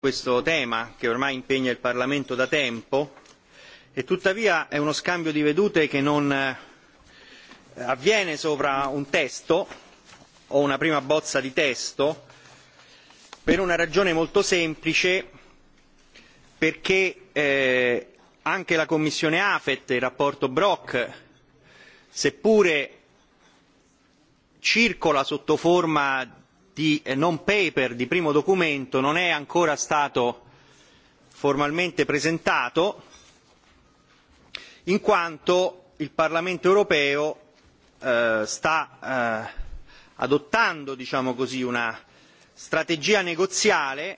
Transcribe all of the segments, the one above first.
questo tema che ormai impegna il Parlamento da tempo e tuttavia è uno scambio di vedute che non eh, avviene sopra un testo o una prima bozza di testo per una ragione molto semplice perché eh, anche la Commissione AFET e il rapporto Brock seppure circola sotto forma di eh, non paper di primo documento non è ancora stato formalmente presentato in quanto il Parlamento europeo eh, sta eh, adottando diciamo così, una strategia negoziale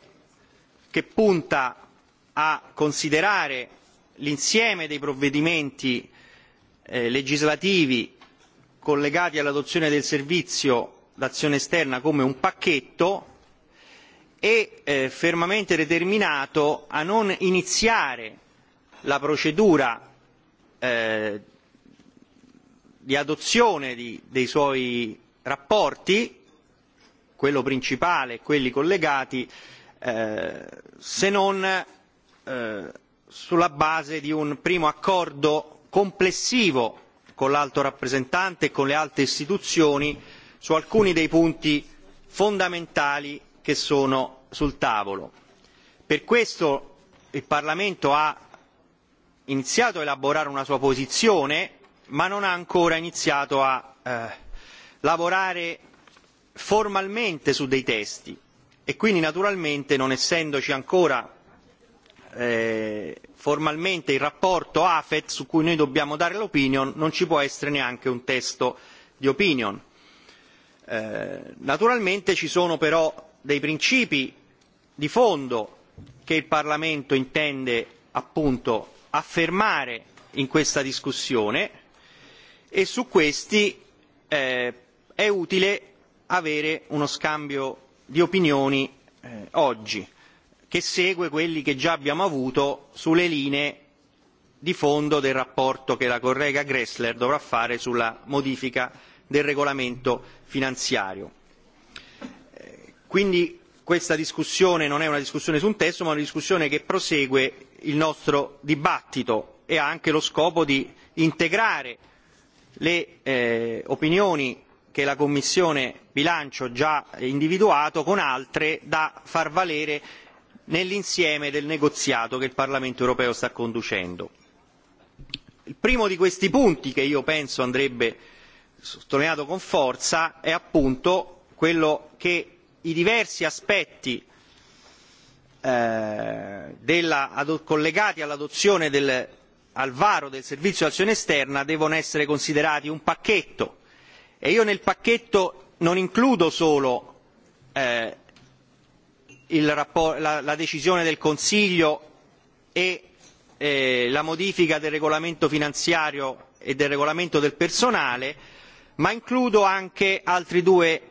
che punta a considerare l'insieme dei provvedimenti eh, legislativi collegati all'adozione del servizio l'azione esterna come un pacchetto e eh, fermamente determinato a non iniziare la procedura eh, di adozione di, dei suoi rapporti, quello principale e quelli collegati, eh, se non eh, sulla base di un primo accordo complessivo con l'alto rappresentante e con le altre istituzioni su alcuni dei punti fondamentali che sono sul tavolo. Per questo il Parlamento ha iniziato a elaborare una sua posizione, ma non ha ancora iniziato a eh, lavorare formalmente su dei testi e quindi naturalmente non essendoci ancora eh, formalmente il rapporto AFET su cui noi dobbiamo dare l'opinion non ci può essere neanche un testo di opinion. Eh, naturalmente ci sono però dei principi di fondo che il Parlamento intende appunto affermare in questa discussione e su questi eh, è utile avere uno scambio di opinioni eh, oggi che segue quelli che già abbiamo avuto sulle linee di fondo del rapporto che la collega Gressler dovrà fare sulla modifica del regolamento finanziario. Eh, quindi questa discussione non è una discussione su un testo, ma una discussione che prosegue il nostro dibattito e ha anche lo scopo di integrare le eh, opinioni che la Commissione bilancio già individuato con altre da far valere nell'insieme del negoziato che il Parlamento europeo sta conducendo. Il primo di questi punti che io penso andrebbe sottolineato con forza è appunto quello che i diversi aspetti eh, collegati all'adozione al varo del servizio di azione esterna devono essere considerati un pacchetto e io nel pacchetto non includo solo eh, la decisione del Consiglio e eh, la modifica del regolamento finanziario e del regolamento del personale, ma includo anche altri due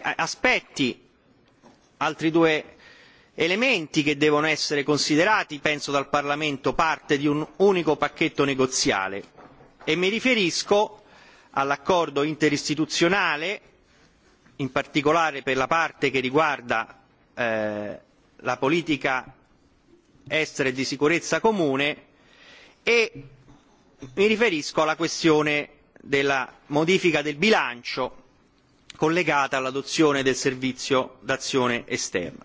aspetti altri due elementi che devono essere considerati penso dal parlamento parte di un unico pacchetto negoziale e mi riferisco all'accordo interistituzionale in particolare per la parte che riguarda eh, la politica estera e di sicurezza comune e mi riferisco alla questione della modifica del bilancio collegata all'adozione del servizio d'azione esterna.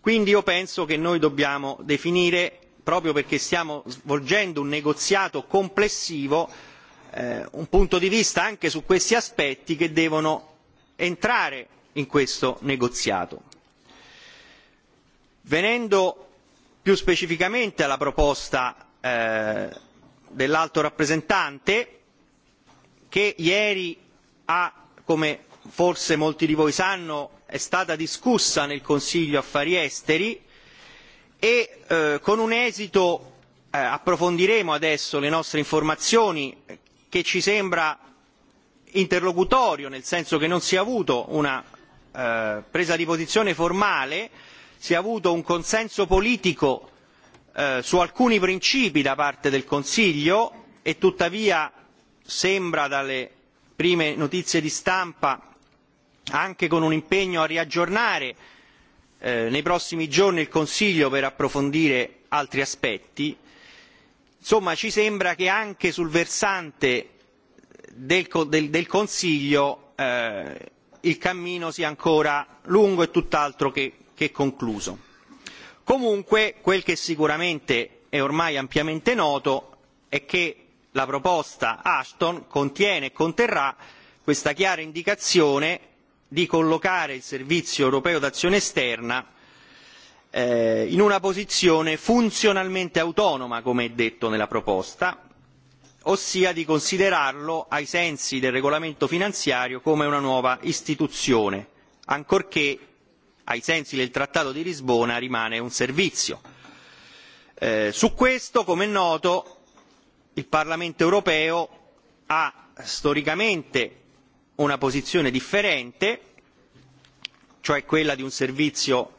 Quindi io penso che noi dobbiamo definire, proprio perché stiamo svolgendo un negoziato complessivo, eh, un punto di vista anche su questi aspetti che devono entrare in questo negoziato. Venendo più specificamente alla proposta eh, dell'alto rappresentante, che ieri come forse molti di voi sanno è stata discussa nel consiglio affari esteri e eh, con un esito eh, approfondiremo adesso le nostre informazioni che ci sembra interlocutorio nel senso che non si è avuto una eh, presa di posizione formale si è avuto un consenso politico eh, su alcuni principi da parte del consiglio e tuttavia sembra dalle prime notizie di stampa anche con un impegno a riaggiornare eh, nei prossimi giorni il Consiglio per approfondire altri aspetti, insomma ci sembra che anche sul versante del, del, del Consiglio eh, il cammino sia ancora lungo e tutt'altro che, che concluso. Comunque quel che sicuramente è ormai ampiamente noto è che la proposta ashton contiene e conterrà questa chiara indicazione di collocare il servizio europeo d'azione esterna eh, in una posizione funzionalmente autonoma, come è detto nella proposta, ossia di considerarlo ai sensi del regolamento finanziario come una nuova istituzione, ancorché ai sensi del Trattato di Lisbona rimane un servizio. Eh, su questo, come è noto, il parlamento europeo ha storicamente una posizione differente cioè quella di un servizio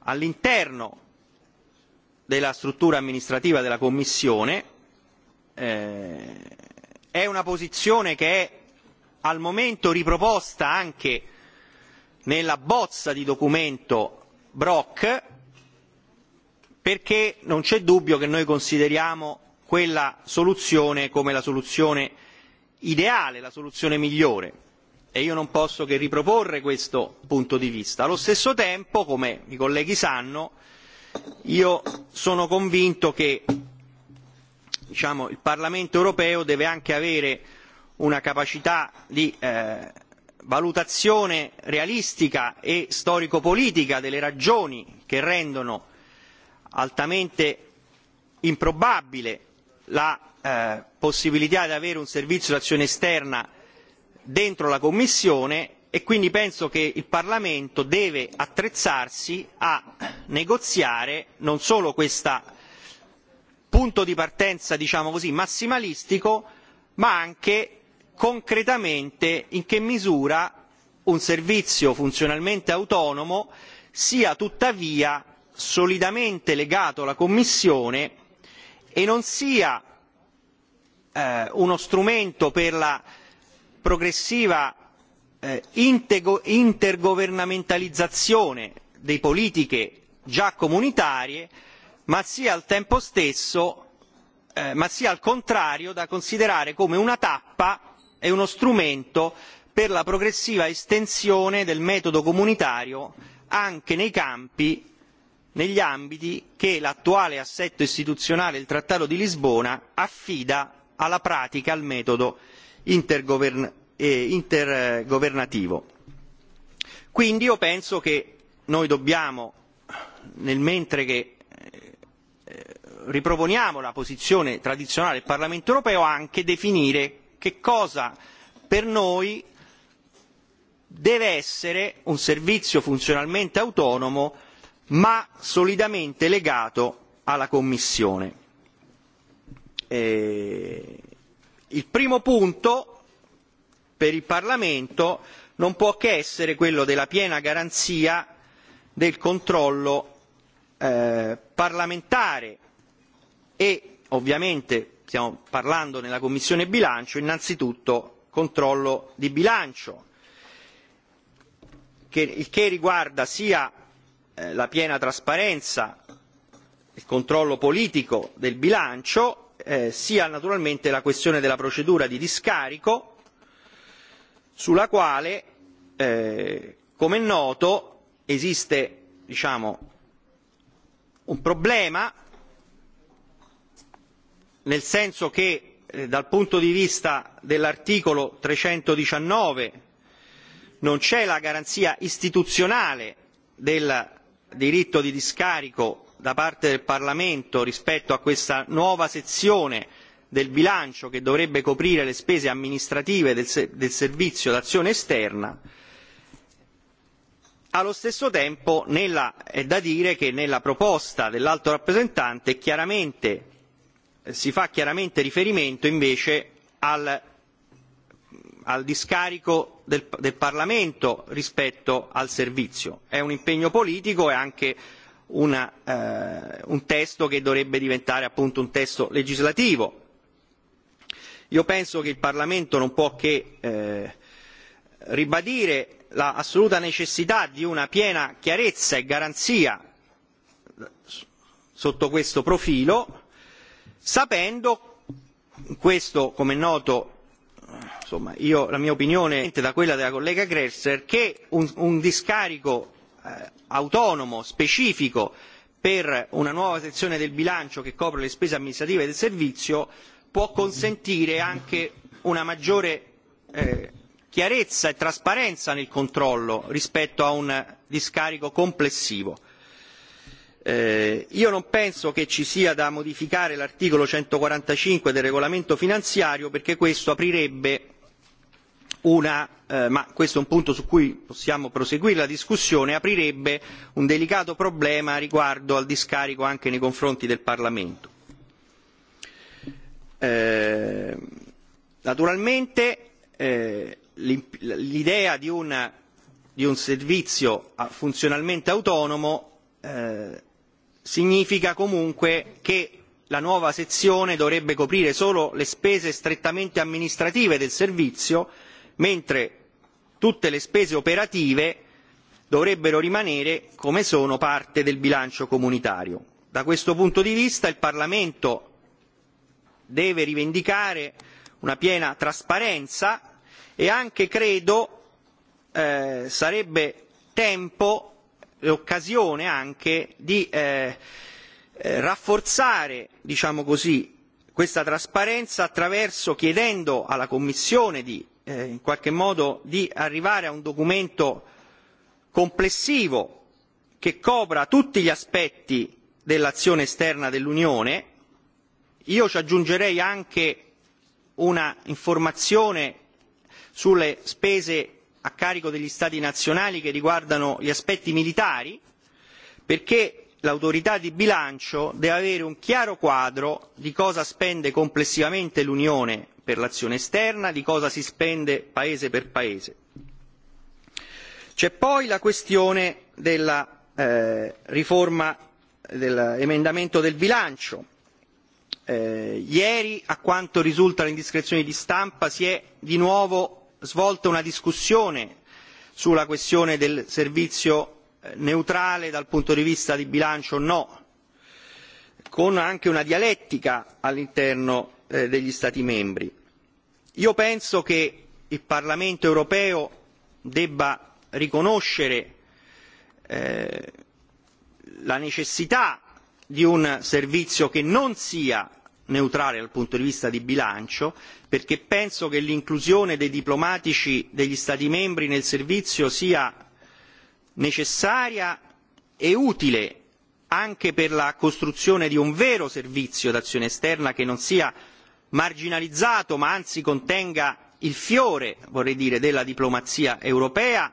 all'interno della struttura amministrativa della commissione eh, è una posizione che è al momento riproposta anche nella bozza di documento Brock perché non c'è dubbio che noi consideriamo quella soluzione come la soluzione ideale, la soluzione migliore. E io non posso che riproporre questo punto di vista. Allo stesso tempo, come i colleghi sanno, io sono convinto che diciamo, il Parlamento europeo deve anche avere una capacità di eh, valutazione realistica e storico-politica delle ragioni che rendono altamente improbabile la eh, possibilità di avere un servizio di azione esterna dentro la commissione e quindi penso che il parlamento deve attrezzarsi a negoziare non solo questo punto di partenza diciamo così massimalistico ma anche concretamente in che misura un servizio funzionalmente autonomo sia tuttavia solidamente legato alla commissione e non sia eh, uno strumento per la progressiva eh, intergovernamentalizzazione delle politiche già comunitarie ma sia al tempo stesso eh, ma sia al contrario da considerare come una tappa e uno strumento per la progressiva estensione del metodo comunitario anche nei campi negli ambiti che l'attuale assetto istituzionale il trattato di lisbona affida alla pratica al metodo eh, intergovernativo. quindi io penso che noi dobbiamo nel mentre che eh, riproponiamo la posizione tradizionale del parlamento europeo anche definire che cosa per noi deve essere un servizio funzionalmente autonomo ma solidamente legato alla commissione. E il primo punto per il Parlamento non può che essere quello della piena garanzia del controllo eh, parlamentare e ovviamente stiamo parlando nella Commissione bilancio innanzitutto controllo di bilancio, il che riguarda sia Eh, la piena trasparenza il controllo politico del bilancio eh, sia naturalmente la questione della procedura di discarico sulla quale eh, come è noto esiste diciamo un problema nel senso che dal punto di vista dell'articolo trecentodiciannove non c'è la garanzia istituzionale della diritto di discarico da parte del parlamento rispetto a questa nuova sezione del bilancio che dovrebbe coprire le spese amministrative del servizio d'azione esterna allo stesso tempo è da dire che nella proposta dell'alto rappresentante si fa chiaramente riferimento invece al al discarico del parlamento rispetto al servizio è un impegno politico e anche una, eh, un testo che dovrebbe diventare appunto un testo legislativo io penso che il parlamento non può che eh, ribadire l'assoluta necessità di una piena chiarezza e garanzia sotto questo profilo sapendo questo come è noto insomma io la mia opinione è da quella della collega grässer che un discarico eh, autonomo specifico per una nuova sezione del bilancio che copre le spese amministrative del servizio può consentire anche una maggiore eh, chiarezza e trasparenza nel controllo rispetto a un discarico complessivo. Eh, io non penso che ci sia da modificare l'articolo centoquarantacinque del regolamento finanziario perché questo aprirebbe una eh, ma questo è un punto su cui possiamo proseguire la discussione aprirebbe un delicato problema riguardo al discarico anche nei confronti del parlamento. Eh, naturalmente l'idea di un servizio ah, funzionalmente autonomo significa comunque che la nuova sezione dovrebbe coprire solo le spese strettamente amministrative del servizio mentre tutte le spese operative dovrebbero rimanere come sono parte del bilancio comunitario. da questo punto di vista il parlamento deve rivendicare una piena trasparenza e anche credo eh, sarebbe tempo l'occasione anche di eh, eh, rafforzare diciamo così questa trasparenza chiedendo alla commissione eh, in qualche modo di arrivare a un documento complessivo che copra tutti gli aspetti dell'azione esterna dell'unione. io ci aggiungerei anche una informazione sulle spese a carico degli stati nazionali che riguardano gli aspetti militari perché l'autorità di bilancio deve avere un chiaro quadro di cosa spende complessivamente l'unione per l'azione esterna di cosa si spende paese per paese. c'è poi la questione della eh, riforma dell'emendamento del bilancio eh, ieri a quanto risulta le indiscrezioni di stampa si è di nuovo svolta una discussione sulla questione del servizio eh, neutrale dal punto di vista di bilancio o no con anche una dialettica all'interno eh, degli stati membri io penso che il Parlamento europeo debba riconoscere eh, la necessità di un servizio che non sia neutrale dal punto di vista di bilancio perché penso che l'inclusione dei diplomatici degli stati membri nel servizio sia necessaria e utile anche per la costruzione di un vero servizio d'azione esterna che non sia marginalizzato ma anzi contenga il fiore vorrei dire della diplomazia europea.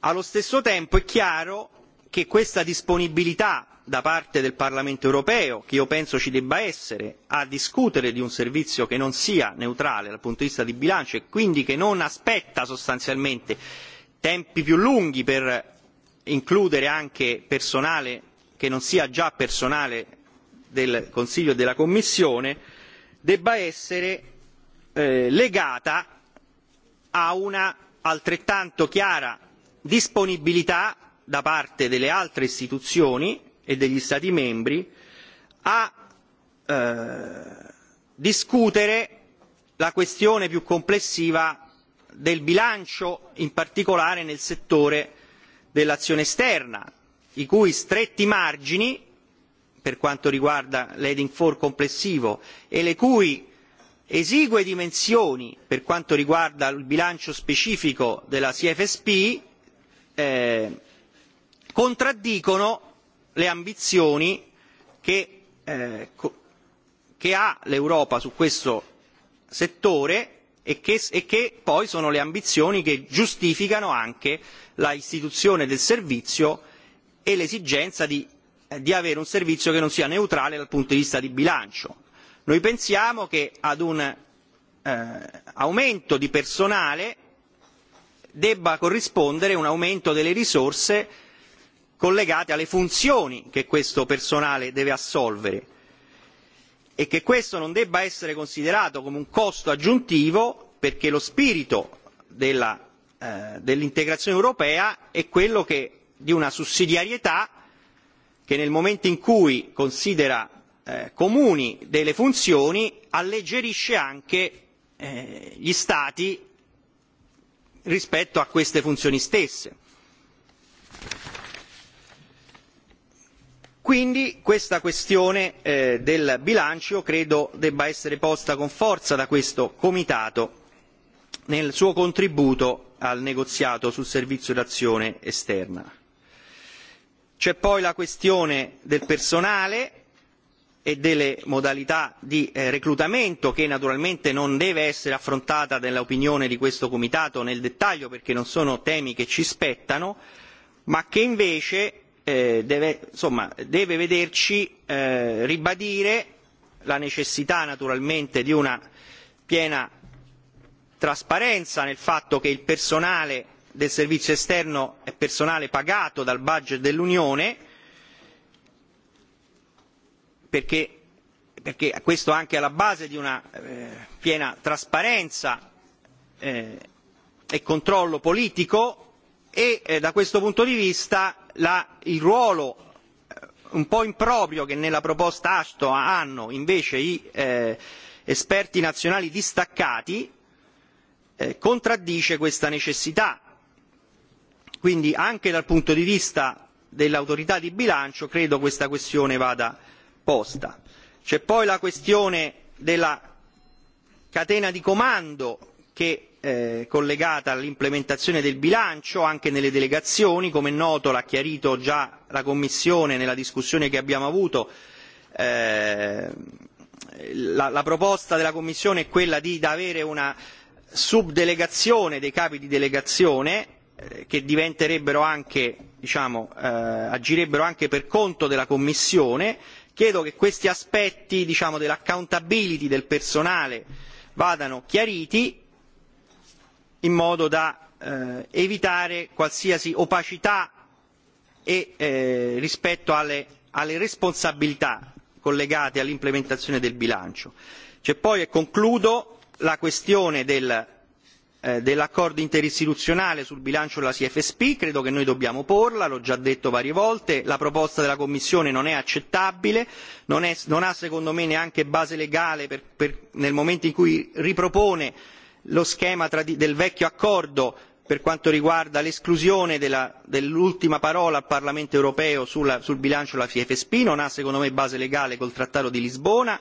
allo stesso tempo è chiaro che questa disponibilità da parte del parlamento europeo che io penso ci debba essere a discutere di un servizio che non sia neutrale dal punto di vista di bilancio e quindi che non aspetta sostanzialmente tempi più lunghi per includere anche personale che non sia già personale del Consiglio e della Commissione, debba essere eh, legata a una altrettanto chiara disponibilità da parte delle altre istituzioni e degli stati membri a eh, discutere la questione più complessiva del bilancio in particolare nel settore dell'azione esterna i cui stretti margini per quanto riguarda l'heading four complessivo e le cui esigue dimensioni per quanto riguarda il bilancio specifico della CFSP eh, contraddicono le ambizioni eh, che ha l'europa su questo settore e, e che poi sono le ambizioni che giustificano anche l'istituzione del servizio e l'esigenza eh, di avere un servizio che non sia neutrale dal punto di vista di bilancio. noi pensiamo che ad un eh, aumento di personale debba corrispondere un aumento delle risorse collegati alle funzioni che questo personale deve assolvere e che questo non debba essere considerato come un costo aggiuntivo perché lo spirito della, eh, dell'integrazione europea è quello che, di una sussidiarietà che nel momento in cui considera eh, comuni delle funzioni alleggerisce anche eh, gli stati rispetto a queste funzioni stesse. quindi questa questione eh, del bilancio credo debba essere posta con forza da questo comitato nel suo contributo al negoziato sul servizio d'azione esterna. C'è poi la questione del personale e delle modalità di eh, reclutamento che naturalmente non deve essere affrontata nell'opinione di questo comitato nel dettaglio perché non sono temi che ci spettano, ma che invece Eh, deve vederci eh, ribadire la necessità naturalmente di una piena trasparenza nel fatto che il personale del servizio esterno è personale pagato dal budget dell'unione perché questo è anche alla base di una eh, piena trasparenza e controllo politico e da questo punto di vista il ruolo eh, un po' improprio che nella proposta ashton hanno invece gli eh, esperti nazionali distaccati eh, contraddice questa necessità. quindi anche dal punto di vista dell'autorità di bilancio credo questa questione vada posta. c'è poi la questione della catena di comando che Eh, collegata all'implementazione del bilancio anche nelle delegazioni come è noto l'ha chiarito già la commissione nella discussione che abbiamo avuto eh, la, la proposta della commissione è quella di avere una subdelegazione dei capi di delegazione eh, che diventerebbero anche diciamo eh, agirebbero anche per conto della commissione chiedo che questi aspetti diciamo dell'accountability del personale vadano chiariti in modo da eh, evitare qualsiasi opacità e, eh, rispetto alle responsabilità collegate all'implementazione del bilancio. C'è poi e concludo la questione del, eh, dell'accordo interistituzionale sul bilancio della CFSP, credo che noi dobbiamo porla, l'ho già detto varie volte, la proposta della Commissione non è accettabile, non, è, non ha secondo me neanche base legale per, per, nel momento in cui ripropone lo schema del vecchio accordo per quanto riguarda l'esclusione dell'ultima parola al parlamento europeo sul bilancio della fiefsp non ha secondo me base legale col trattato di lisbona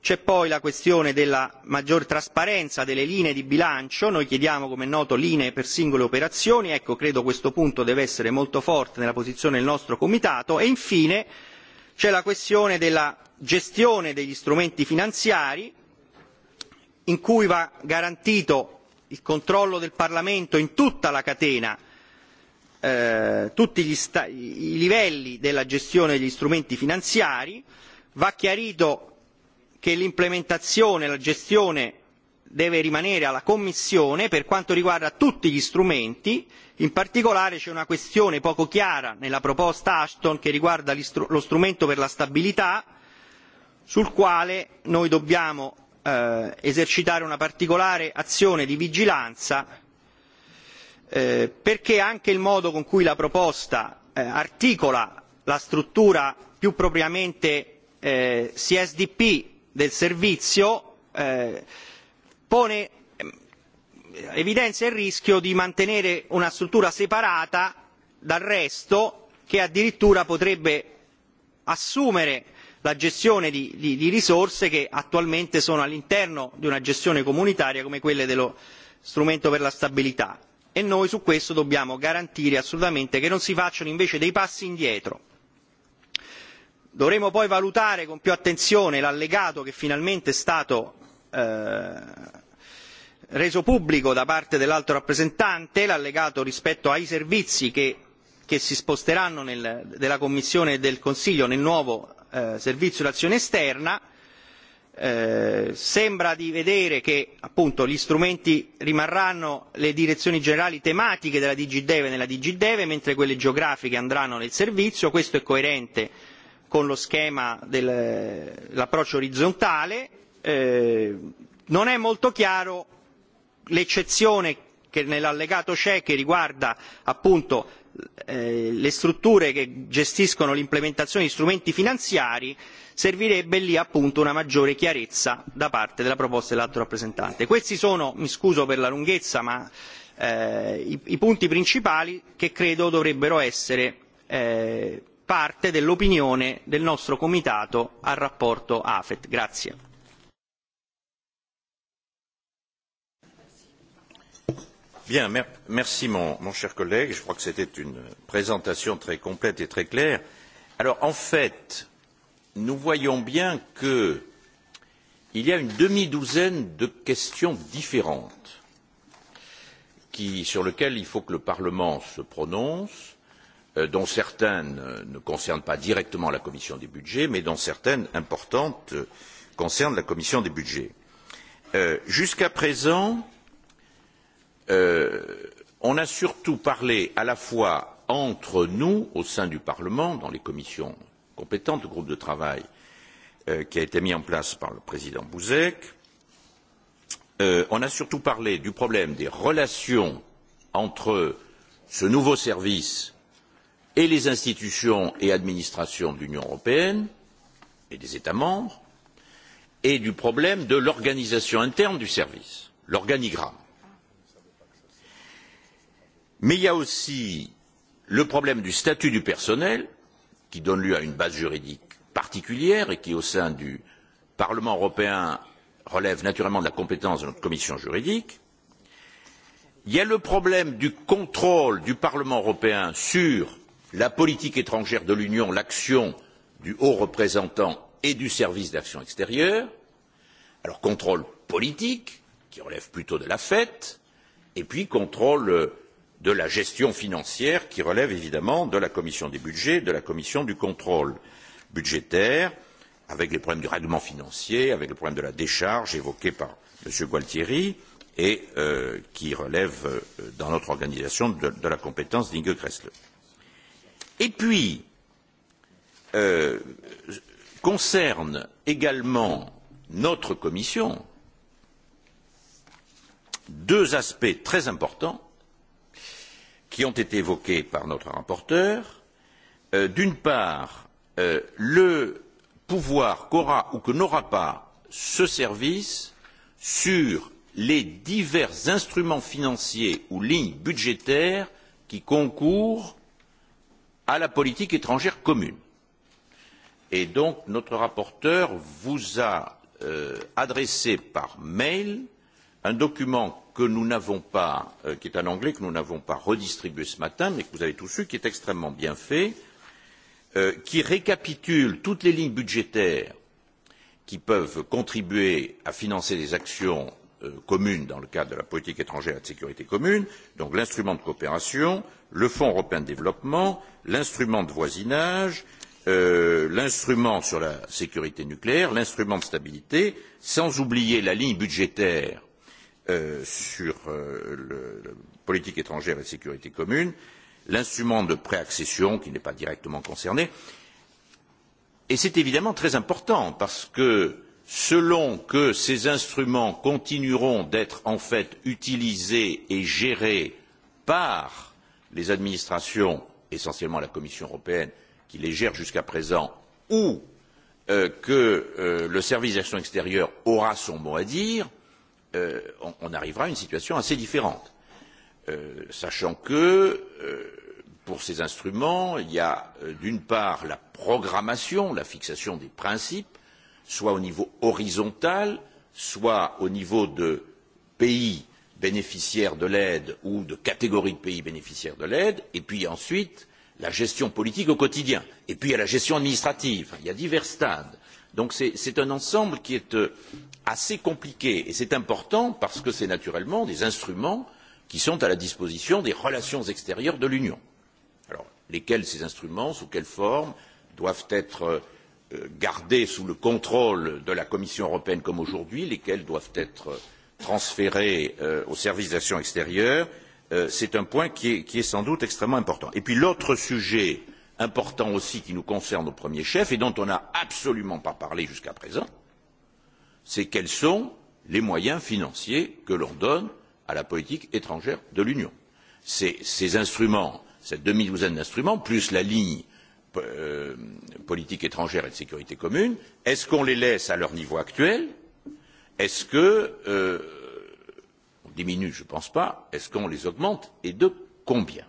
c'è poi la questione della maggior trasparenza delle linee di bilancio noi chiediamo come è noto linee per singole operazioni ecco credo questo punto deve essere molto forte nella posizione del nostro comitato e infine c'è la questione della gestione degli strumenti finanziari in cui va garantito il controllo del Parlamento in tutta la catena, eh, tutti gli sta- i livelli della gestione degli strumenti finanziari, va chiarito che l'implementazione e la gestione deve rimanere alla Commissione per quanto riguarda tutti gli strumenti, in particolare c'è una questione poco chiara nella proposta Ashton che riguarda lo strumento per la stabilità, sul quale noi dobbiamo Eh, esercitare una particolare azione di vigilanza eh, perché anche il modo con cui la proposta eh, articola la struttura più propriamente csdp del servizio pone ehm, evidenzia il rischio di mantenere una struttura separata dal resto che addirittura potrebbe assumere la gestione di risorse che attualmente sono all'interno di una gestione comunitaria come quelle dello strumento per la stabilità e noi su questo dobbiamo garantire assolutamente che non si facciano invece dei passi indietro. dovremo poi valutare con più attenzione l'allegato che finalmente è stato eh, reso pubblico da parte dell'alto rappresentante l'allegato rispetto ai servizi che, che si sposteranno nel, della Commissione e del Consiglio nel nuovo Eh, servizio d'azione esterna eh, sembra di vedere che appunto gli strumenti rimarranno le direzioni generali tematiche della dg deve nella dg deve mentre quelle geografiche andranno nel servizio questo è coerente con lo schema dell'approccio orizzontale eh, non è molto chiaro l'eccezione che nell'allegato c'è che riguarda appunto Eh, le strutture che gestiscono l'implementazione di strumenti finanziari servirebbe lì appunto una maggiore chiarezza da parte della proposta dell'alto rappresentante. Questi sono, mi scuso per la lunghezza, ma eh, i, i punti principali che credo dovrebbero essere eh, parte dell'opinione del nostro comitato al rapporto AFET. Grazie. merci mon cher collègue je crois que c'était une présentation très complète et très claire. en fait nous voyons bien qu'il y a une demi douzaine de questions différentes sur lesquelles il faut que le parlement se prononce euh, dont certaines euh, ne concernent pas directement la commission des budgets mais dont certaines importantes euh, concernent la commission des budgets. jusqu'à présent euh, on a surtout parlé à la fois entre nous, au sein du Parlement, dans les commissions compétentes, le groupe de travail euh, qui a été mis en place par le président Bouzek, euh, on a surtout parlé du problème des relations entre ce nouveau service et les institutions et administrations de l'Union européenne et des États membres, et du problème de l'organisation interne du service, l'organigramme mais il y a aussi le problème du statut du personnel qui donne lieu à une base juridique particulière et qui au sein du parlement européen relève naturellement de la compétence de notre commission juridique il y a le problème du contrôle du parlement européen sur la politique étrangère de l'union l'action du haut représentant et du service d'action extérieure alors contrôle politique qui relève plutôt de la fête et puis contrôle euh, de la gestion financière qui relève évidemment de la commission des budgets, de la commission du contrôle budgétaire, avec les problèmes du règlement financier, avec le problème de la décharge évoqué par M. Gualtieri et euh, qui relève euh, dans notre organisation de, de la compétence d'Inge Kressler. Et puis, euh, concerne également notre commission deux aspects très importants qui ont été évoquées par notre rapporteur euh, d'une part euh, le pouvoir qu'aura ou que n'aura pas ce service sur les divers instruments financiers ou lignes budgétaires qui concourent à la politique étrangère commune. Et donc, notre rapporteur vous a euh, adressé par mail un document que nous n'avons pas euh, qui est un anglais que nous n'avons pas redistribué ce matin mais que vous avez tous eu qui est extrêmement bien fait euh, qui récapitule toutes les lignes budgétaires qui peuvent contribuer à financer des actions euh, communes dans le cadre de la politique étrangère et de sécurité commune, donc l'instrument de coopération, le Fonds européen de développement, l'instrument de voisinage, euh, l'instrument sur la sécurité nucléaire, l'instrument de stabilité, sans oublier la ligne budgétaire Euh, sur euh, la politique étrangère et la sécurité commune, l'instrument de préaccession qui n'est pas directement concerné. Et c'est évidemment très important parce que selon que ces instruments continueront d'être en fait utilisés et gérés par les administrations, essentiellement la Commission européenne qui les gère jusqu'à présent, ou euh, que euh, le service d'action extérieure aura son mot à dire, euh, euh, on, on arrivera à une situation assez différente. Euh, sachant que euh, pour ces instruments, il y a euh, d'une part la programmation, la fixation des principes, soit au niveau horizontal, soit au niveau de pays bénéficiaires de l'aide ou de catégories de pays bénéficiaires de l'aide, et puis ensuite la gestion politique au quotidien, et puis il y a la gestion administrative, il y a divers stades donc c'est un ensemble qui est euh, assez compliqué et c'est important parce que c'est naturellement des instruments qui sont à la disposition des relations extérieures de l'union. alors lesquels ces instruments sous quelle forme doivent être euh, gardés sous le contrôle de la commission européenne comme aujourd'hui lesquels doivent être euh, transférés euh, au service d'action extérieure euh, c'est un point qui est, qui est sans doute extrêmement important. et puis l'autre sujet euh, important aussi qui nous concerne au premier chef et dont on n'a absolument pas parlé jusqu'à présent, c'est quels sont les moyens financiers que l'on donne à la politique étrangère de l'Union. Ces instruments, cette demi-douzaine d'instruments, plus la ligne euh, politique étrangère et de sécurité commune, est-ce qu'on les laisse à leur niveau actuel Est-ce que. Euh, on diminue, je ne pense pas. Est-ce qu'on les augmente Et de combien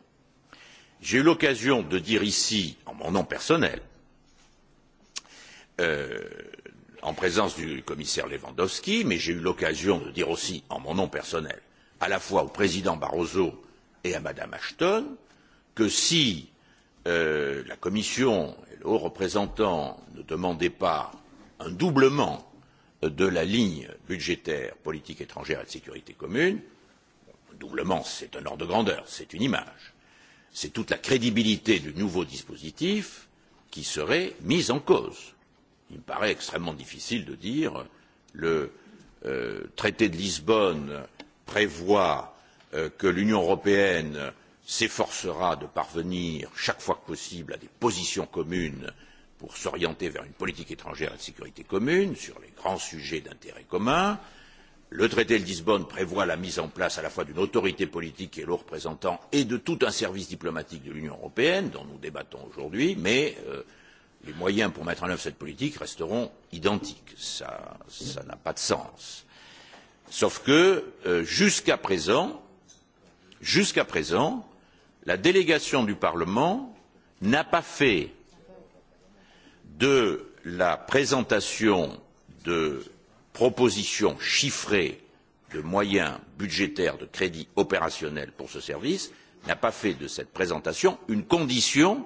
j'ai eu l'occasion de dire ici en mon nom personnel euh, en présence du commissaire Lewandowski, mais j'ai eu l'occasion de dire aussi en mon nom personnel à la fois au président Barroso et à madame Ashton que si euh, la commission et le haut représentant ne demandaient pas un doublement de la ligne budgétaire politique étrangère et de sécurité commune, doublement c'est un ordre de grandeur, c'est une image, c'est toute la crédibilité du nouveau dispositif qui serait mise en cause. Il me paraît extrêmement difficile de dire le euh, traité de Lisbonne prévoit euh, que l'Union européenne s'efforcera de parvenir chaque fois que possible à des positions communes pour s'orienter vers une politique étrangère et de sécurité commune sur les grands sujets d'intérêt commun euh, le traité de lisbonne prévoit la mise en place à la fois d'une autorité politique qui est le représentant et de tout un service diplomatique de l'union européenne dont nous débattons aujourd'hui mais euh, les moyens pour mettre en œuvre cette politique resteront identiques. ça n'a ça pas de sens. sauf que euh, jusqu'à présent jusqu'à présent la délégation du parlement n'a pas fait de la présentation de proposition chiffrée de moyens budgétaires de crédits opérationnels pour ce service n'a pas fait de cette présentation une condition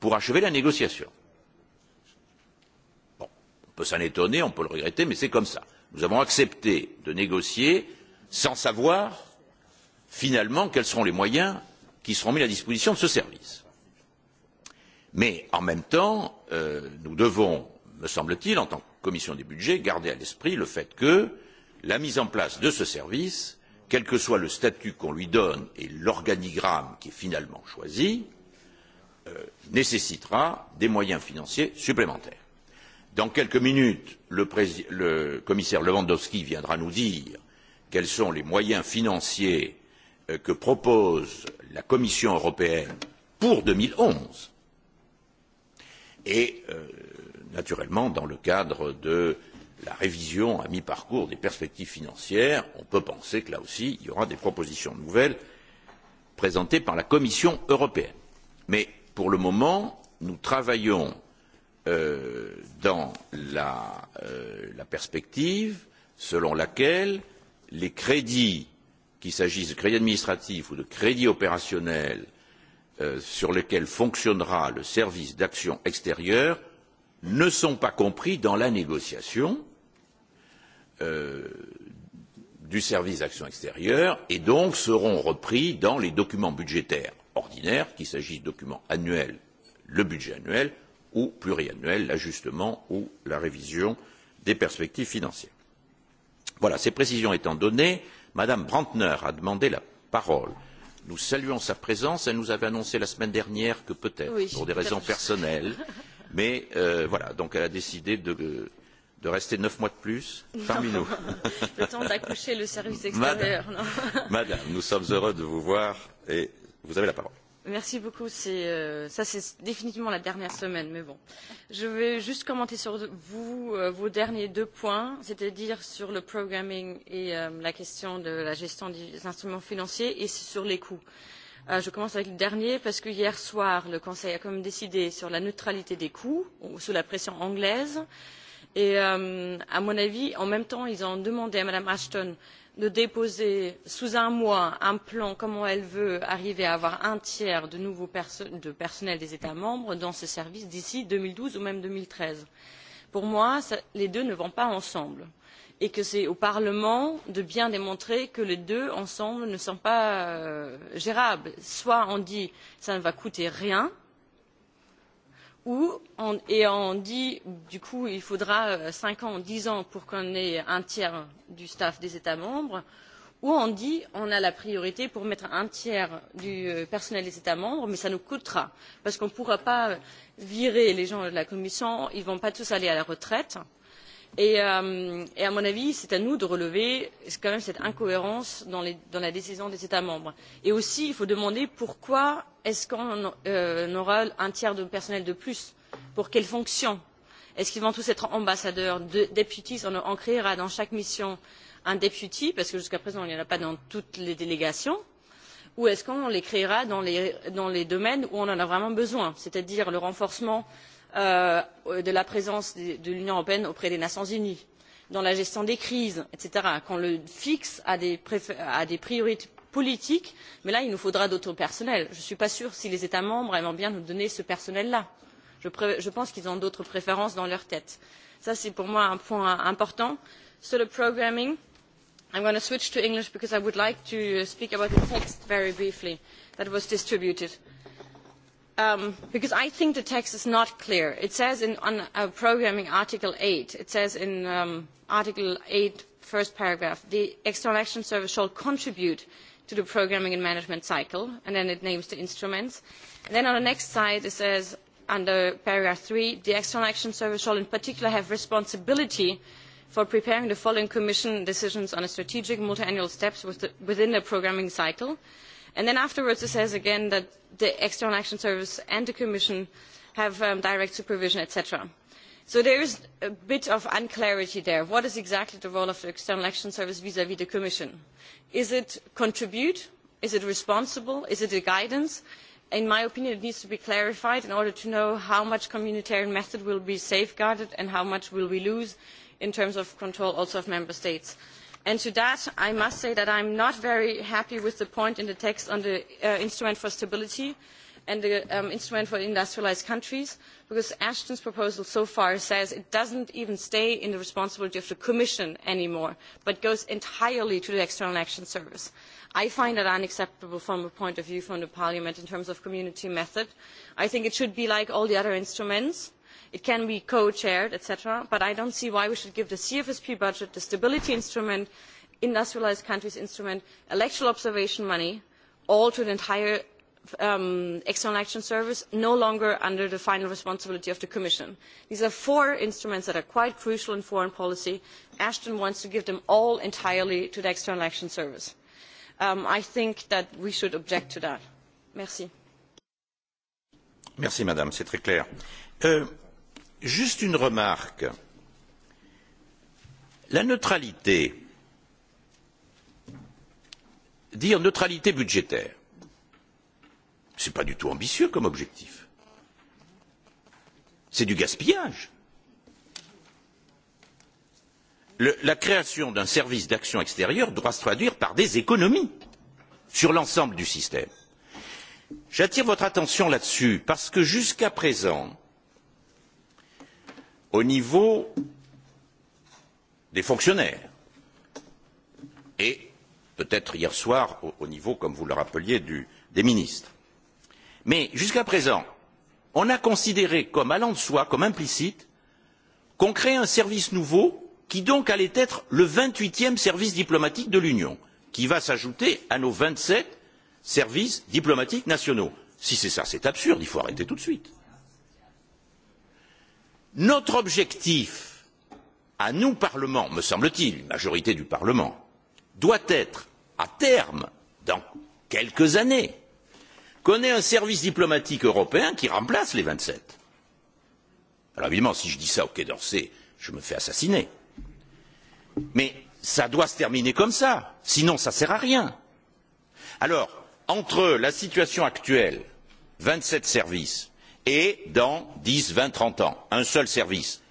pour achever la négociation. Bon, on peut s'en étonner, on peut le regretter, mais c'est comme ça. Nous avons accepté de négocier sans savoir finalement quels seront les moyens qui seront mis à disposition de ce service. Mais en même temps, euh, nous devons, me semble-t-il, en tant que commission des budgets garder à l'esprit le fait que la mise en place de ce service, quel que soit le statut qu'on lui donne et l'organigramme qui est finalement choisi, euh, nécessitera des moyens financiers supplémentaires. Dans quelques minutes, le, le commissaire Lewandowski viendra nous dire quels sont les moyens financiers euh, que propose la Commission européenne pour 2011. Et euh, naturellement dans le cadre de la révision à mi parcours des perspectives financières on peut penser que là aussi il y aura des propositions nouvelles présentées par la commission européenne mais pour le moment nous travaillons euh, dans la, euh, la perspective selon laquelle les crédits qu'il s'agisse de crédits administratifs ou de crédits opérationnels euh, sur lesquels fonctionnera le service d'action extérieure ne sont pas compris dans la négociation euh, du service d'action extérieure et donc seront repris dans les documents budgétaires ordinaires, qu'il s'agisse de documents annuels, le budget annuel ou pluriannuel, l'ajustement ou la révision des perspectives financières. Voilà, ces précisions étant données, Madame Brantner a demandé la parole. Nous saluons sa présence. Elle nous avait annoncé la semaine dernière que peut-être, oui, pour des raisons personnelles, Mais euh, voilà, donc elle a décidé de, de rester neuf mois de plus parmi non. nous. Le temps d'accoucher le service extérieur. Madame, non. Madame, nous sommes heureux de vous voir et vous avez la parole. Merci beaucoup. Euh, ça, c'est définitivement la dernière semaine, mais bon. Je vais juste commenter sur vous, euh, vos derniers deux points, c'est-à-dire sur le programming et euh, la question de la gestion des instruments financiers et sur les coûts. Euh, Euh, je commence avec le dernier parce que hier soir, le Conseil a quand même décidé sur la neutralité des coûts sous la pression anglaise. Et euh, à mon avis, en même temps, ils ont demandé à Mme Ashton de déposer sous un mois un plan comment elle veut arriver à avoir un tiers de nouveau perso de personnel des États membres dans ce service d'ici 2012 ou même 2013. Pour moi, ça, les deux ne vont pas ensemble et que c'est au parlement de bien démontrer que les deux ensemble ne sont pas euh, gérables soit on dit ça ne va coûter rien et on dit du coup il faudra euh, cinq ans dix ans pour qu'on ait un tiers du staff des états membres ou on dit on a la priorité pour mettre un tiers du euh, personnel des états membres mais ça nous coûtera parce qu'on ne pourra pas virer les gens de la commission ils ne vont pas tous aller à la retraite Euh, et à mon avis c'est à nous de relever quand même cette incohérence dans la décision des états membres. et aussi il faut demander pourquoi est ce qu'on euh, aura un tiers de personnel de plus pour quelles fonctions? est ce qu'ils vont tous être ambassadeurs deputies? on en créera dans chaque mission un deputy parce que jusqu'à présent il n'y en a pas dans toutes les délégations ou est ce qu'on les créera dans les domaines où on en a vraiment besoin c'est à dire le renforcement Euh, de la présence de l'union européenne auprès des nations unies dans la gestion des crises etc. qu'on le fixe à des priorités politiques mais là il nous faudra d'autres personnels. je ne suis pas sûre que les états membres aimeront bien nous donner ce personnel là. je pense qu'ils ont d'autres préférences dans leur tête. ça c'est pour moi un point important. sur le programming i'm going to switch to english because i would like to speak about the text very briefly that was distributed um, because I think the text is not clear. It says in on a programming article 8, it says in um, article 8, first paragraph, the external action service shall contribute to the programming and management cycle, and then it names the instruments. And then on the next side, it says under paragraph 3, the external action service shall in particular have responsibility for preparing the following commission decisions on a strategic multi-annual steps within the programming cycle then afterwards it says again that the external action service and the commission have um, direct supervision etc. so there is a bit of unclarity there. what is exactly the role of the external action service vis vis the commission? is it contribute? is it responsible? is it a guidance? in my opinion it needs to be clarified in order to know how much community method will be safeguarded and how much will we lose in terms of control also of member states and to that i must say that i am not very happy with the point in the text on the uh, instrument for stability and the um, instrument for industrialised countries because ashton's proposal so far says it does not even stay in the responsibility of the commission any more but goes entirely to the external action service. i find that unacceptable from the point of view of parliament in terms of community method. i think it should be like all the other instruments it can be co chaired etc. but i do not see why we should give the cfsp budget the stability instrument the industrialised countries instrument and electoral observation money all to the entire um, external action service no longer under the final responsibility of the commission. these are four instruments that are quite crucial in foreign policy. ashton wants to give them all entirely to the external action service. Um, i think that we should object to that juste une remarque la neutralité dire neutralité budgétaire ce n'est pas du tout ambitieux comme objectif c'est du gaspillage Le, la création d'un service d'action extérieure doit se traduire par des économies sur l'ensemble du système. J'attire votre attention là-dessus parce que jusqu'à présent, au niveau des fonctionnaires et peut être hier soir au niveau comme vous le rappeliez du, des ministres. mais jusqu'à présent on a considéré comme allant de soi comme implicite qu'on crée un service nouveau qui donc allait être le vingt huitième service diplomatique de l'union qui va s'ajouter à nos vingt sept services diplomatiques nationaux. si c'est ça c'est absurde il faut arrêter tout de suite notre objectif à nous parlement me semble t il majorité du parlement doit être à terme dans quelques années qu'on ait un service diplomatique européen qui remplace les vingt sept alors évidemment si je dis ça au quai d'orsay je me fais assassiner mais ça doit se terminer comme ça sinon ça ne sert à rien. alors entre la situation actuelle vingt sept services et dans dix vingt trente ans un seul service.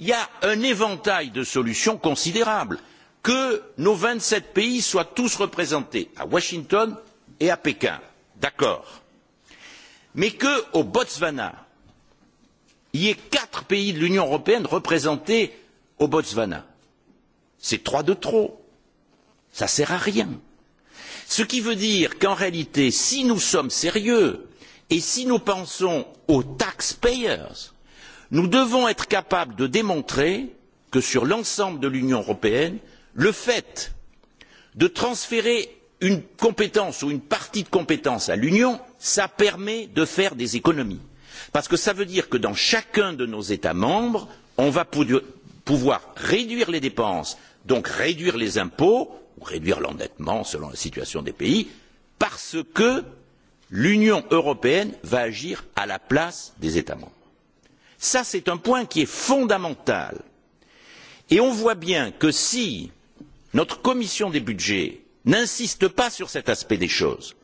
il y a un éventail de solutions considérable que nos vingt sept pays soient tous représentés à washington et à pékin d'accord mais qu'au botswana il y ait quatre pays de l'union européenne représentés au botswana c'est trois de trop ça ne sert à rien ce qui veut dire qu'en réalité si nous sommes sérieux et si nous pensons aux taxpayers nous devons être capables de démontrer que sur l'ensemble de l'union européenne le fait de transférer une compétence ou une partie de compétence à l'union ça permet de faire des économies parce que ça veut dire que dans chacun de nos états membres on va pouvoir réduire les dépenses donc réduire les impôts ou réduire l'endettement selon la situation des pays parce que l'union européenne va agir à la place des états membres. c'est un point qui est fondamental et on voit bien que si notre commission des budgets n'insiste pas sur cet aspect des choses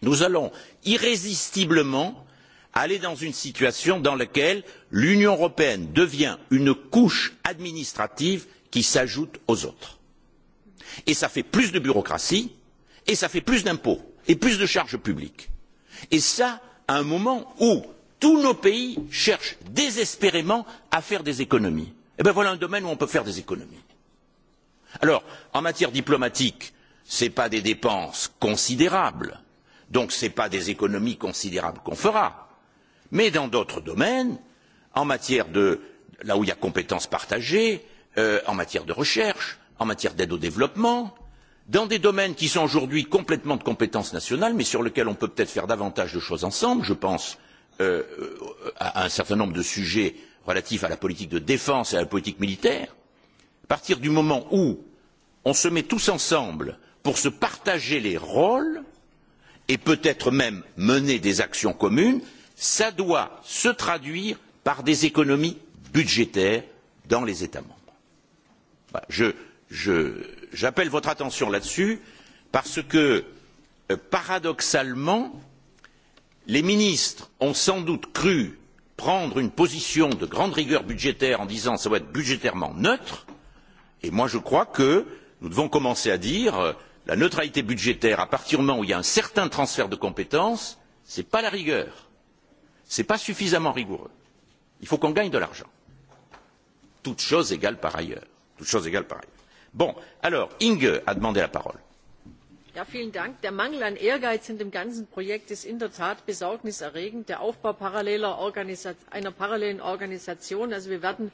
nous allons irrésistiblement aller dans une situation dans laquelle l'union européenne devient une couche administrative qui s'ajoute aux autres et cela fait plus de bureaucratie et cela fait plus d'impôts et plus de charges publiques. Et ça, à un moment où tous nos pays cherchent désespérément à faire des économies. Eh bien, voilà un domaine où on peut faire des économies. Alors, en matière diplomatique, ce n'est pas des dépenses considérables, donc ce n'est pas des économies considérables qu'on fera. Mais dans d'autres domaines, en matière de là où il y a compétences partagées, euh, en matière de recherche, en matière d'aide au développement, dans des domaines qui sont aujourd'hui complètement de compétences nationales, mais sur lesquels on peut peut-être faire davantage de choses ensemble. Je pense euh, euh à un certain nombre de sujets relatifs à la politique de défense et à la politique militaire. À partir du moment où on se met tous ensemble pour se partager les rôles et peut-être même mener des actions communes, ça doit se traduire par des économies budgétaires dans les États membres. Voilà, je, je, j'appelle votre attention là dessus parce que euh, paradoxalement les ministres ont sans doute cru prendre une position de grande rigueur budgétaire en disant ça va être budgétairement neutre et moi je crois que nous devons commencer à dire euh, la neutralité budgétaire à partir du moment où il y a un certain transfert de compétences ce n'est pas la rigueur ce n'est pas suffisamment rigoureux il faut qu'on gagne de l'argent toute chose égale par ailleurs toute chose égale par ailleurs inge a demandé la parole. Ja, der mangel an ehrgeiz in dem ganzen projekt ist in der tat besorgniserregend der aufbau einer parallelen organisation. wir werden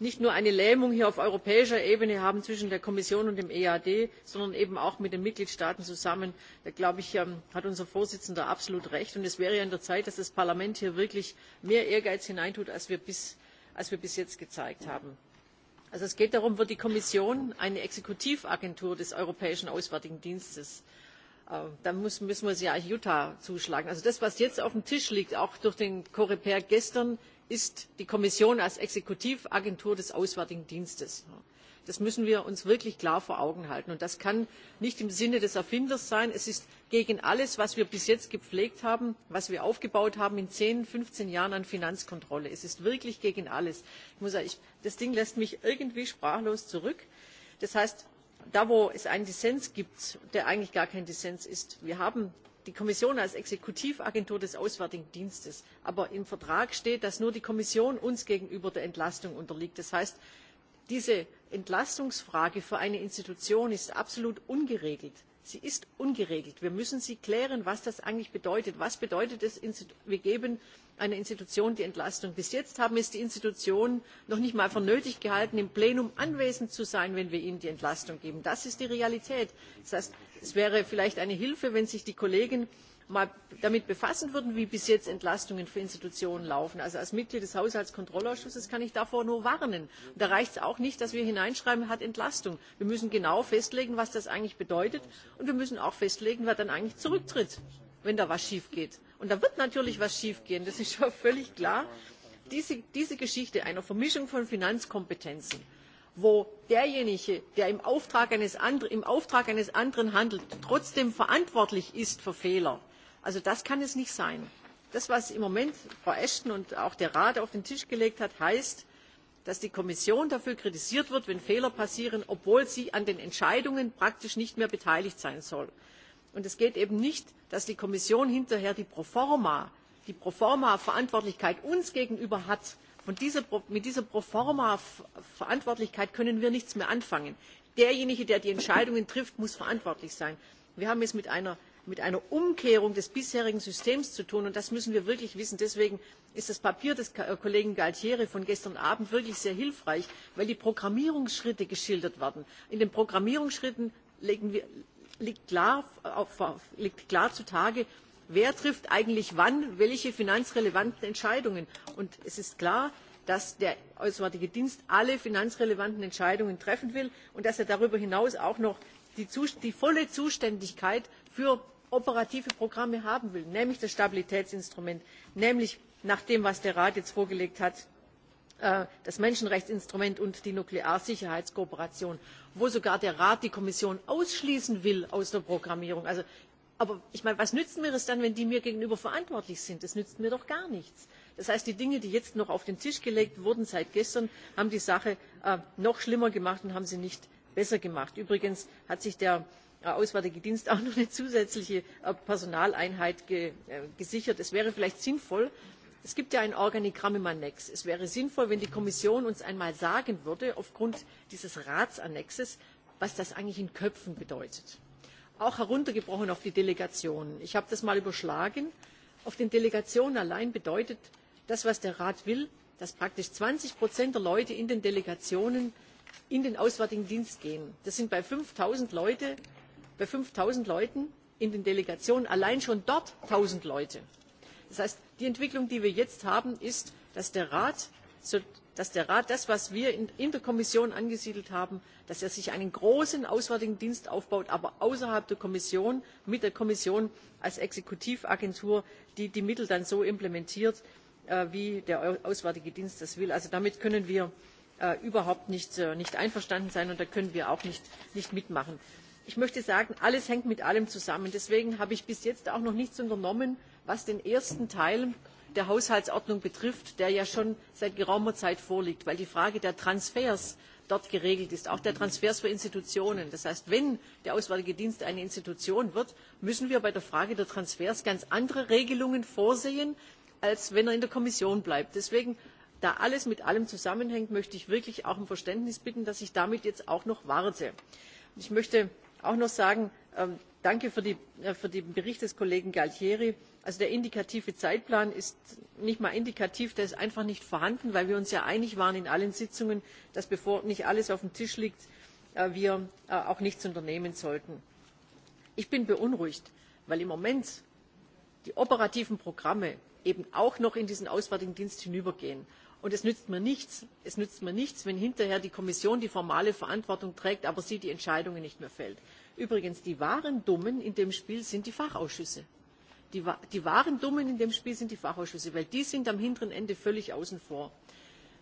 nicht nur eine lähmung auf europäischer ebene haben zwischen der kommission und dem ead sondern eben auch mit den mitgliedstaaten zusammen. da glaube ich ähm, hat unser vorsitzender absolut recht und es wäre an ja der zeit dass das parlament hier wirklich mehr ehrgeiz hineintut als wir bis jetzt gezeigt haben es geht darum wird die kommission eine exekutivagentur des europäischen auswärtigen dienstes ähm, da müssen wir sie eigentlich ja utah zuschlagen. also das was jetzt auf dem tisch liegt auch durch den coreper gestern ist die kommission als exekutivagentur des auswärtigen dienstes das müssen wir uns wirklich klar vor augen halten. das kann nicht im sinne des erfinders sein. es ist gegen alles was wir bis jetzt gepflegt haben was wir aufgebaut haben in zehn fünfzehn jahren an finanzkontrolle. es ist wirklich gegen alles. das ding lässt mich irgendwie sprachlos zurück. das heißt da wo es einen dissens gibt der eigentlich gar kein dissens ist wir haben die kommission als exekutivagentur des auswärtigen dienstes aber im vertrag steht dass nur die kommission uns gegenüber der entlastung unterliegt. das heißt entlastungsfrage für eine institution ist absolut ungeregelt. sie ist ungeregelt. wir müssen klären was das eigentlich bedeutet. was bedeutet es wir geben einer institution die entlastung? bis jetzt haben es die institutionen noch nicht einmal für nötig gehalten im plenum anwesend zu sein wenn wir ihnen die entlastung geben. das ist die realität. das heißt es wäre vielleicht eine hilfe wenn sich die kollegen einmal damit befassen würden wie bis jetzt entlastungen für institutionen laufen. als mitglied des haushaltskontrollausschusses kann ich davor nur warnen. da reicht es auch nicht dass wir hineinschreiben er hat entlastung. wir müssen genau festlegen was das eigentlich bedeutet und wir müssen auch festlegen wer dann eigentlich zurücktritt wenn da etwas schiefgeht. und da wird natürlich etwas schiefgehen das ist ja völlig klar. Diese, diese geschichte einer vermischung von finanzkompetenzen wo derjenige der im auftrag eines anderen handelt trotzdem verantwortlich ist für fehler also das kann es nicht sein. das was im moment frau ashton und auch der rat auf den tisch gelegt haben heißt dass die kommission dafür kritisiert wird wenn fehler passieren obwohl sie an den entscheidungen praktisch nicht mehr beteiligt sein soll. und es geht eben nicht dass die kommission hinterher die pro forma verantwortlichkeit uns gegenüber hat. mit dieser pro forma verantwortlichkeit können wir nichts mehr anfangen. derjenige der die entscheidungen trifft muss verantwortlich sein. wir haben es mit mit einer umkehrung des bisherigen systems zu tun und das müssen wir wirklich wissen. deswegen ist das papier des äh, kollegen gualtieri von gestern abend wirklich sehr hilfreich weil die programmierungsschritte geschildert werden. in den programmierungsschritten äh, liegt klar zutage wer trifft eigentlich wann welche finanzrelevanten entscheidungen und es ist klar dass der auswärtige dienst alle finanzrelevanten entscheidungen treffen will und dass er darüber hinaus auch noch die volle zuständigkeit für operative programme haben will nämlich das stabilitätsinstrument nämlich nach dem was der rat jetzt vorgelegt hat äh, das menschenrechtsinstrument und die nuklearsicherheitskooperation wo sogar der rat die kommission ausschließen will aus der programmierung. aber was nützt mir das dann wenn die mir gegenüber verantwortlich sind? das nützt mir doch gar nichts. das heißt die dinge die jetzt noch auf den tisch gelegt wurden seit gestern haben die sache äh, noch schlimmer gemacht und haben sie nicht besser gemacht. übrigens hat sich Äh, auswärtige dienst auch noch eine zusätzliche äh, personaleinheit äh, gesichert. es wäre vielleicht sinnvoll es gibt ja ein organigramm im annex es wäre sinnvoll wenn die kommission uns einmal sagen würde aufgrund dieses ratsannexes was das eigentlich in köpfen bedeutet auch heruntergebrochen auf die delegationen. ich habe das mal überschlagen auf den delegationen allein bedeutet das was der rat will dass praktisch zwanzig der leute in den delegationen in den auswärtigen dienst gehen. das sind bei fünf null leuten bei fünf null leuten in den delegationen allein schon dort eins null leute. das heißt die entwicklung die wir jetzt haben ist dass der rat das was wir in der kommission angesiedelt haben er sich einen großen auswärtigen dienst aufbaut aber außerhalb der kommission mit der kommission als exekutivagentur die die mittel dann so implementiert äh, wie der auswärtige dienst das will. damit können wir äh, überhaupt äh, nicht einverstanden sein und da können wir auch nicht mitmachen ich möchte sagen alles hängt mit allem zusammen. deswegen habe ich bis jetzt auch noch nichts unternommen was den ersten teil der haushaltsordnung betrifft der ja schon seit geraumer zeit vorliegt weil die frage der transfers dort geregelt ist auch der transfers für institutionen. das heißt wenn der auswärtige dienst eine institution wird müssen wir bei der frage der transfers ganz andere regelungen vorsehen als wenn er in der kommission bleibt. deswegen da alles mit allem zusammenhängt möchte ich wirklich auch um verständnis bitten dass ich damit jetzt auch noch warte. ich möchte auch noch sagen ähm, danke äh, für den bericht des kollegen gualtieri der indikative zeitplan ist nicht einmal indikativ der ist einfach nicht vorhanden weil wir uns ja einig waren in allen sitzungen dass bevor nicht alles auf dem tisch liegt äh, wir äh, auch nichts unternehmen sollten. ich bin beunruhigt weil im moment die operativen programme eben auch noch in diesen auswärtigen dienst hinübergehen und es nützt mir nichts, es nützt mir nichts wenn hinterher die kommission die formale verantwortung trägt aber sie die entscheidungen nicht mehr fällt. übrigens die wahren dummen in dem spiel sind die fachausschüsse. Die, die wahren Dummen in dem Spiel sind die Fachausschüsse, weil die sind am hinteren Ende völlig außen vor.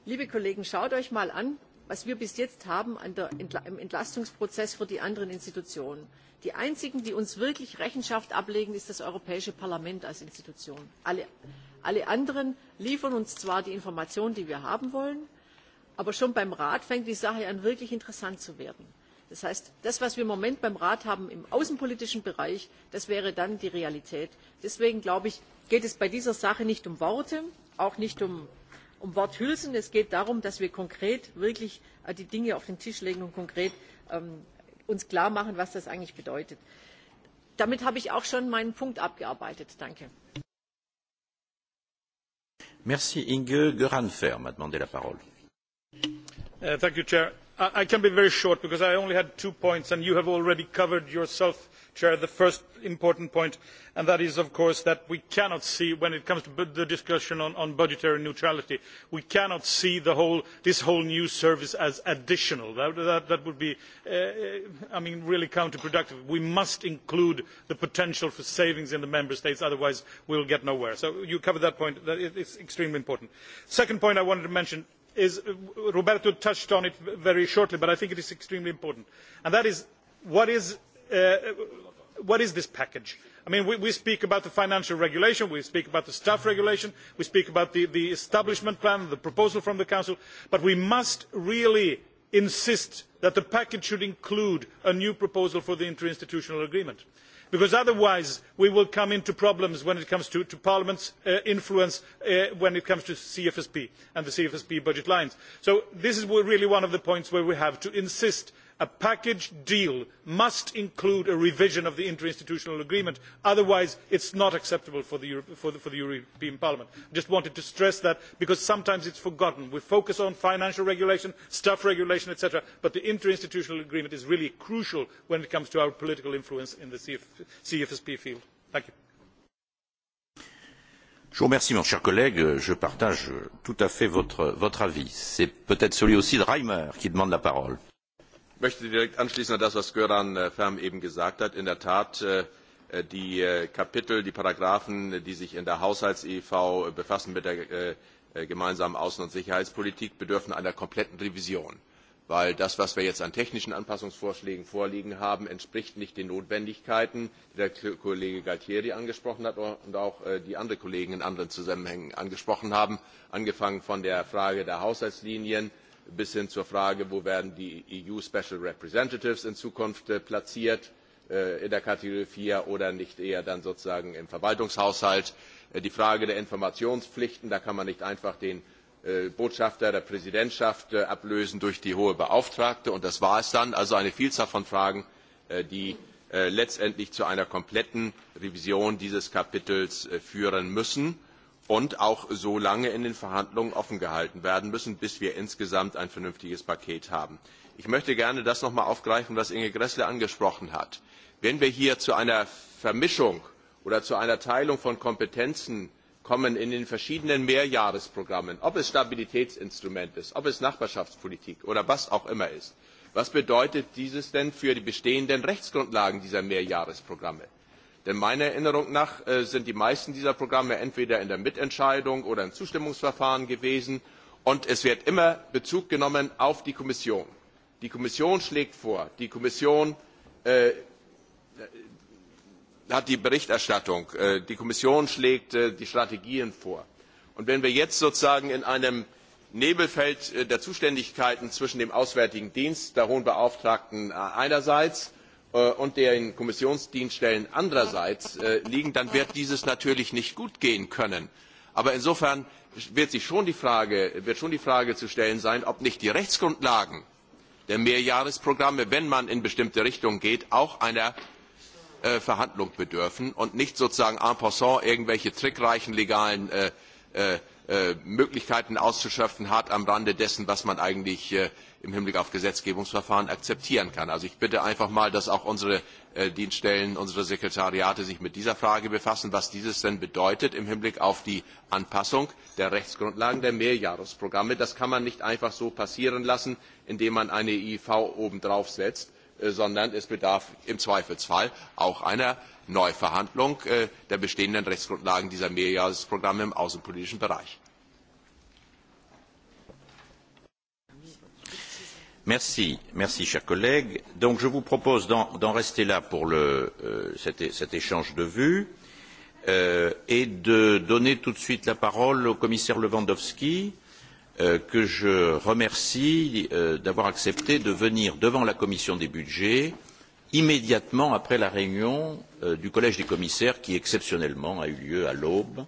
Liebe Kollegen, schaut euch mal an, was wir bis jetzt im entlastungsprozess für die anderen institutionen haben. die einzigen die uns wirklich rechenschaft ablegen sind das europäische parlament als institution. alle anderen liefern uns zwar die informationen die wir haben wollen aber schon beim rat fängt die sache an wirklich interessant zu werden. das heißt das was wir im moment beim rat haben im außenpolitischen bereich das wäre dann die realität. deswegen geht es bei dieser sache nicht um worte auch nicht um um worthülsen es geht darum dass wir konkret wirklich äh, die dinge auf den tisch legen und ähm, uns konkret klarmachen was das eigentlich bedeutet. damit habe ich auch schon meinen punkt abgearbeitet. danke! chair the first important point and that is of course that we cannot see when it comes to the discussion on budgetary neutrality this whole new service as additional that would be uh, really counterproductive. we must include the potential for savings in the member states otherwise we will get nowhere. so you covered that point it is extremely important. the second point i wanted to mention is uh, roberto touched on it very shortly but i think it is extremely important and that is what Uh, what is this package? I mean, we, we speak about the financial regulation, we speak about the staff regulation, we speak about the, the establishment plan, the proposal from the Council, but we must really insist that the package should include a new proposal for the interinstitutional agreement. Because otherwise, we will come into problems when it comes to, to Parliament's uh, influence uh, when it comes to CFSP and the CFSP budget lines. So, this is really one of the points where we have to insist a package deal must include a revision of the interinstitutional agreement otherwise it is not acceptable for the european parliament. i just wanted to stress that because sometimes it is forgotten. we focus on financial regulation staff regulation etc. but the interinstitutional agreement is really crucial when it comes to our political influence in the cfsp field. thank you. je vous remercie mon cher collègue je partage tout à fait votre avis. c'est peut être celui aussi de reimer qui demande la parole möchte direkt anschließen an das was gran äh, färm eben gesagt hat in der tat äh, äh, die kapitel die paragrafen die sich in der haushalts ev befassen mit der gemeinsamen außen und sicherheitspolitik bedürfen einer kompletten revision weil das was wir jetzt an technischen anpassungsvorschlägen vorliegen haben entspricht nicht den notwendigkeiten die der kollege gualtieri angesprochen hat und auch die andere kollegen in anderen zusammenhängen angesprochen haben angefangen von der frage der haushaltslinien bis hin zur frage wo werden die eu special representatives in zukunft äh, platziert äh, in der kategorie vier oder nicht eher dann sozusagen im verwaltungshaushalt äh, die frage der informationspflichten da kann man nicht einfach den botschafter der präsidentschaft ablösen durch die hohe beauftragte und das war es dann also eine vielzahl von fragen die letztendlich zu einer kompletten revision dieses kapitels führen müssen und auch so lange in den Verhandlungen offen gehalten werden müssen, bis wir insgesamt ein vernünftiges Paket haben. Ich möchte gerne das noch einmal aufgreifen, was Inge Gressler angesprochen hat. Wenn wir hier zu einer Vermischung oder zu einer Teilung von Kompetenzen kommen in den verschiedenen Mehrjahresprogrammen, ob es Stabilitätsinstrument ist, ob es Nachbarschaftspolitik oder was auch immer ist, was bedeutet dieses denn für die bestehenden Rechtsgrundlagen dieser Mehrjahresprogramme? Denn meiner Erinnerung nach äh, sind die meisten dieser Programme entweder in der Mitentscheidung oder im Zustimmungsverfahren gewesen. Und es wird immer Bezug genommen auf die Kommission. Die Kommission schlägt vor, die Kommission äh, hat die Berichterstattung, äh, die Kommission schlägt äh, die Strategien vor. Und wenn wir jetzt sozusagen in einem Nebelfeld äh, der Zuständigkeiten zwischen dem Auswärtigen Dienst, der Hohen Beauftragten äh, einerseits Äh, und den Kommissionsdienststellen andererseits äh, liegen, dann wird dieses natürlich nicht gut gehen können. Aber insofern wird, sich schon die Frage, wird schon die Frage zu stellen sein, ob nicht die Rechtsgrundlagen der Mehrjahresprogramme, wenn man in bestimmte Richtungen geht, auch einer äh, Verhandlung bedürfen und nicht sozusagen en passant irgendwelche trickreichen legalen äh, äh, Äh, möglichkeiten auszuschöpfen hart am rande dessen was man eigentlich äh, im hinblick auf gesetzgebungsverfahren akzeptieren kann. ich bitte einfach mal dass auch unsere äh, dienststellen unsere sekretariate sich mit dieser frage befassen was dies denn bedeutet im hinblick auf die anpassung der rechtsgrundlagen der mehrjahresprogramme. das kann man nicht einfach so passieren lassen indem man eine iiv obendrauf setzt. Äh, sondern es bedarf im Zweifelsfall auch einer Neuverhandlung äh, der bestehenden Rechtsgrundlagen dieser Mehrjahresprogramme im außenpolitischen Bereich. Merci, merci, cher collègue. Donc, je vous propose d'en rester là pour le, euh, cet, cet échange de vues euh, et de donner tout de suite la parole au commissaire Lewandowski. Euh, Euh, que je remercie euh, d'avoir accepté de venir devant la commission des budgets immédiatement après la réunion euh, du collège des commissaires qui exceptionnellement a eu lieu à l'aube.